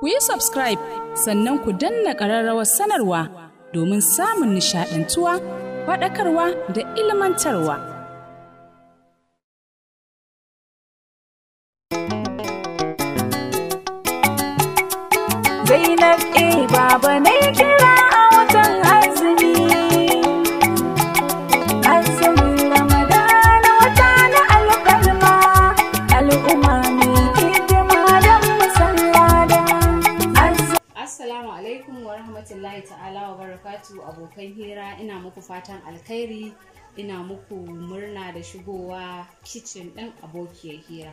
ku yi subscribe sannan ku danna ƙararrawar sanarwa domin samun nishaɗantuwa faɗakarwa da ilmantarwa. Zainab e baba na Assalamu alaikum wa rahmatullahi ta'ala wa barakatu abokan hira ina muku fatan alkhairi ina muku murna da shigowa kicin ɗin abokiyar hira.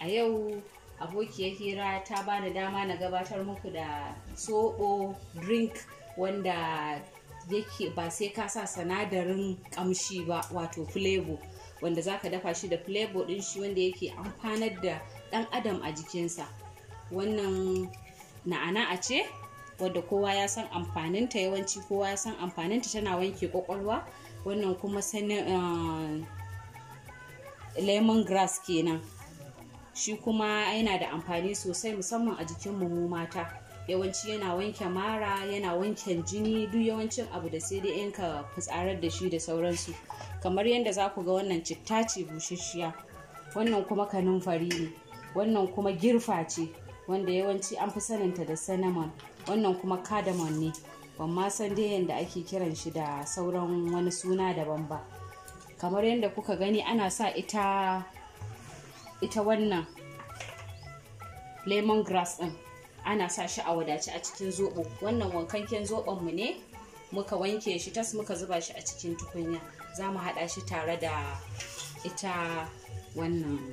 A yau abokiyar hira ta ba da dama na gabatar muku da soɓo drink wanda yake ba sai ka sa sanadarin kamshi ba wato flavo wanda zaka dafa shi da flavo ɗin shi wanda yake amfanar da ɗan adam a jikinsa. Wannan a ce wadda kowa ya san amfaninta yawanci kowa ya san amfaninta tana wanke kwakwalwa wannan kuma sanin eh, lemon grass kenan shi kuma yana da amfani sosai musamman a jikin mu mata yawanci yana wanke mara yana wanke jini duk yawancin abu da sai dai yan ka fitsarar da shi da sauransu kamar yadda za ku ga wannan citta ce bushashiya wannan kuma kanumfari ne wannan kuma girfa ce wanda yawanci an fi saninta da cinnamon wannan kuma cardamom ne ban ma san dai yadda ake kiran shi da sauran wani suna daban ba kamar yadda kuka gani ana sa ita ita wannan lemon grass din ana sa shi a wadaci a cikin zobo wannan wankanken zoɓon mu ne muka wanke shi tas muka zuba shi a cikin tukunya za mu haɗa shi tare da ita wannan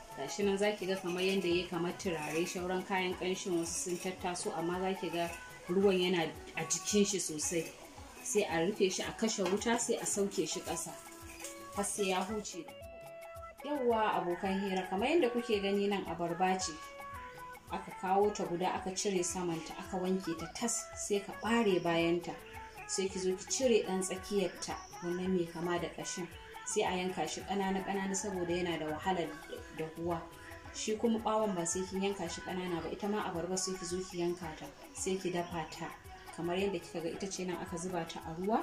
gashi nan zaki ga kamar yadda ya kamar turare shauran kayan kanshin wasu sun tattaso amma zaki ga ruwan yana a jikin shi sosai sai a rufe shi a kashe wuta sai a sauke shi ƙasa har sai ya huce yawwa abokan hira kamar yadda kuke gani nan abarba ce aka kawo ta guda aka cire samanta aka wanke ta tas sai ka ɓare bayanta sai ki zo ki cire ɗan tsakiyarta wannan mai kama da ƙashin sai a yanka shi ƙanana ƙanana saboda yana da wahalar dahuwa shi kuma ɓawon ba sai kin yanka shi ƙanana ba ita ma abarba sai ki zo ki yanka ta sai ki dafa ta kamar yadda kika ga ita ce nan aka zuba ta a ruwa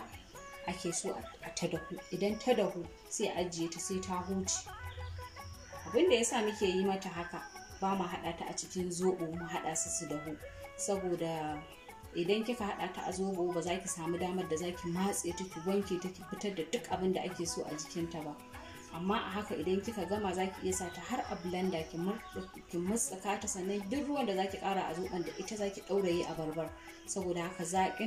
ake so a ta dahu idan ta dahu sai a ajiye ta sai ta huce abin da yasa muke yi mata haka ba mu haɗa ta a cikin zoɓo mu haɗa su su dahu saboda idan kika hada ta a zobo ba za ki samu damar da za ki matse ta ki wanke ta ki fitar da duk abin da ake so a jikinta ba amma a haka idan kika gama za ki iya sa ta har a blender ki matsaka ta sannan duk ruwan da za ki kara a zoben da ita za ki ɗauraye a barbar saboda haka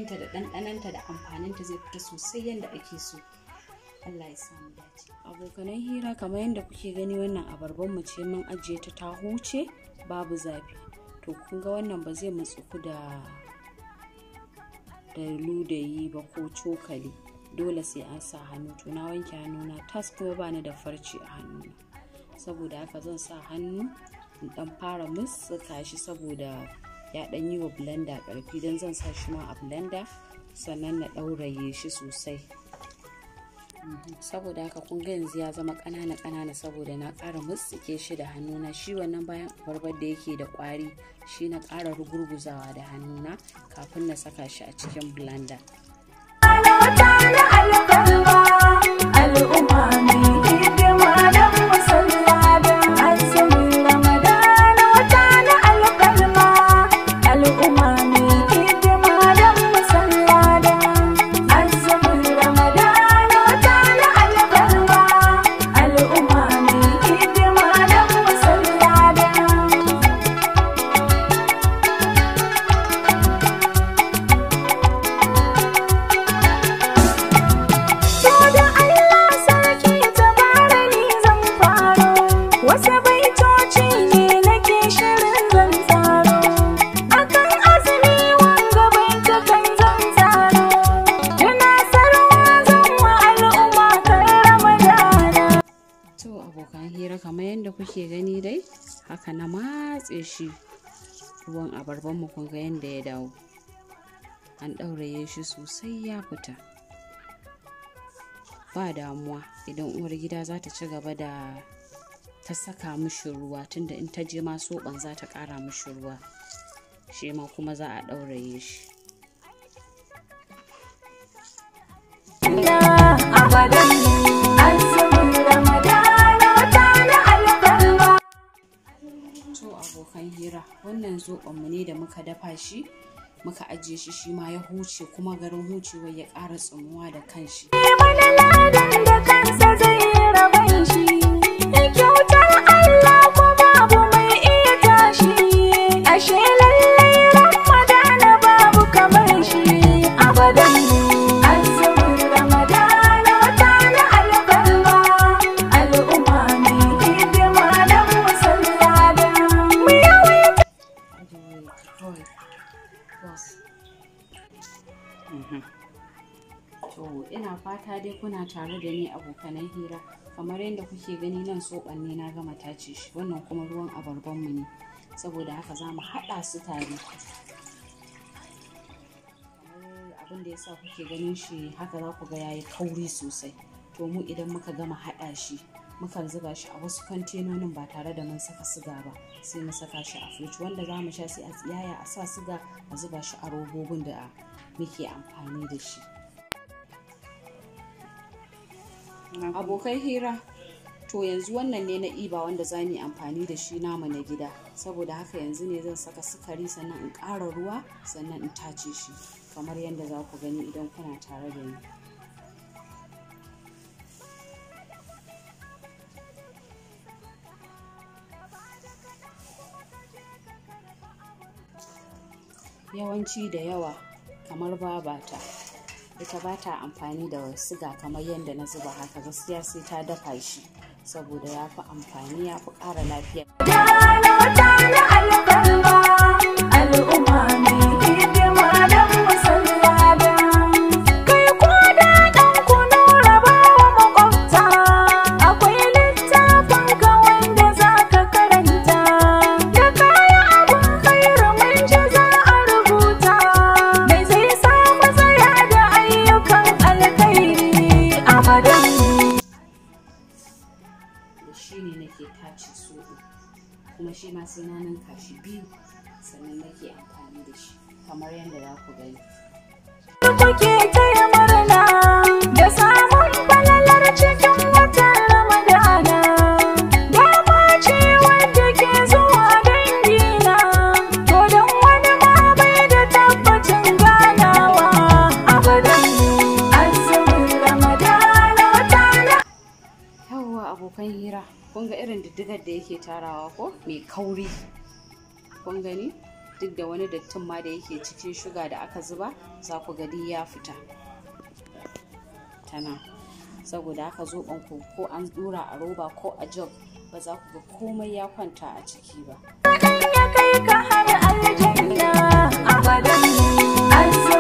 ta da ɗanɗananta da amfanin ta zai fita sosai yadda ake so Allah ya samu dace abokanan hira kamar yadda kuke gani wannan abarban mu ce mun ajiye ta ta huce babu zafi to kun ga wannan ba zai matsu ku da da ludayi ba ko cokali dole sai an sa hannu to na wanke na tas kuma bani da farci a hannu saboda haka zan sa hannu in dan fara mutsuka shi saboda ya dan yi wa blender karfi don zan sa shi ma a blender sannan na ɗauraye shi sosai saboda haka kun yanzu ya zama ƙanana ƙanana saboda na ƙara mutsike shi da hannuna shi wannan bayan abarbar da yake da ƙwari shi na ƙara rugurguzawa da hannuna kafin na saka shi a cikin blender shi ruwan abarban mu kun ga yadda ya dawo an ɗauraye shi sosai ya fita ba damuwa idan uwar gida za ta ci gaba da ta saka mishi ruwa tunda in ta je ma soɓan za ta ƙara mishi ruwa shi ma kuma za a ɗauraye shi. zoɓonmu ne da muka dafa shi muka ajiye shi shi ma ya huce kuma garin hucewar ya ƙara tsunuwa da kanshi. shi. tare da ni abokanan hira kamar yadda kuke gani nan soɓan ne na gama tace shi wannan kuma ruwan abarbanmu ne saboda haka za mu haɗa su tare abin da ya sa kuke ganin shi haka za ku ga ya yi kauri sosai to mu idan muka gama haɗa shi mukan zuba shi a wasu kwantenonin ba tare da mun saka siga ba sai mu saka shi a firiji wanda za mu sha sai a tsiyaya a sa siga a zuba shi a robobin da muke amfani da shi abokai hira to yanzu wannan ne na iba wanda za mu yi amfani da shi namu na gida saboda haka yanzu ne zan saka sukari sannan in ƙara ruwa sannan in tace shi kamar yadda za ku gani idan kuna tare da ni yawanci da yawa kamar babata ita ba ta amfani da siga kamar yadda na zuba haka gaskiya sai ta dafa shi saboda ya fi amfani ya fi ƙara lafiya kuma shi ma sai na ninka shi biyu sannan nake amfani da shi kamar yadda za ku gani. abokan hira kun ga irin diddigar da yake tarawa ko mai kauri kun gani duk da wani dattin ma da yake cikin shuga da aka zuba za ku gadi ya fita tana saboda haka zoben ku ko an dura a roba ko a job ba za ku ga komai ya kwanta a ciki ba. ya kai ka aljanna abadan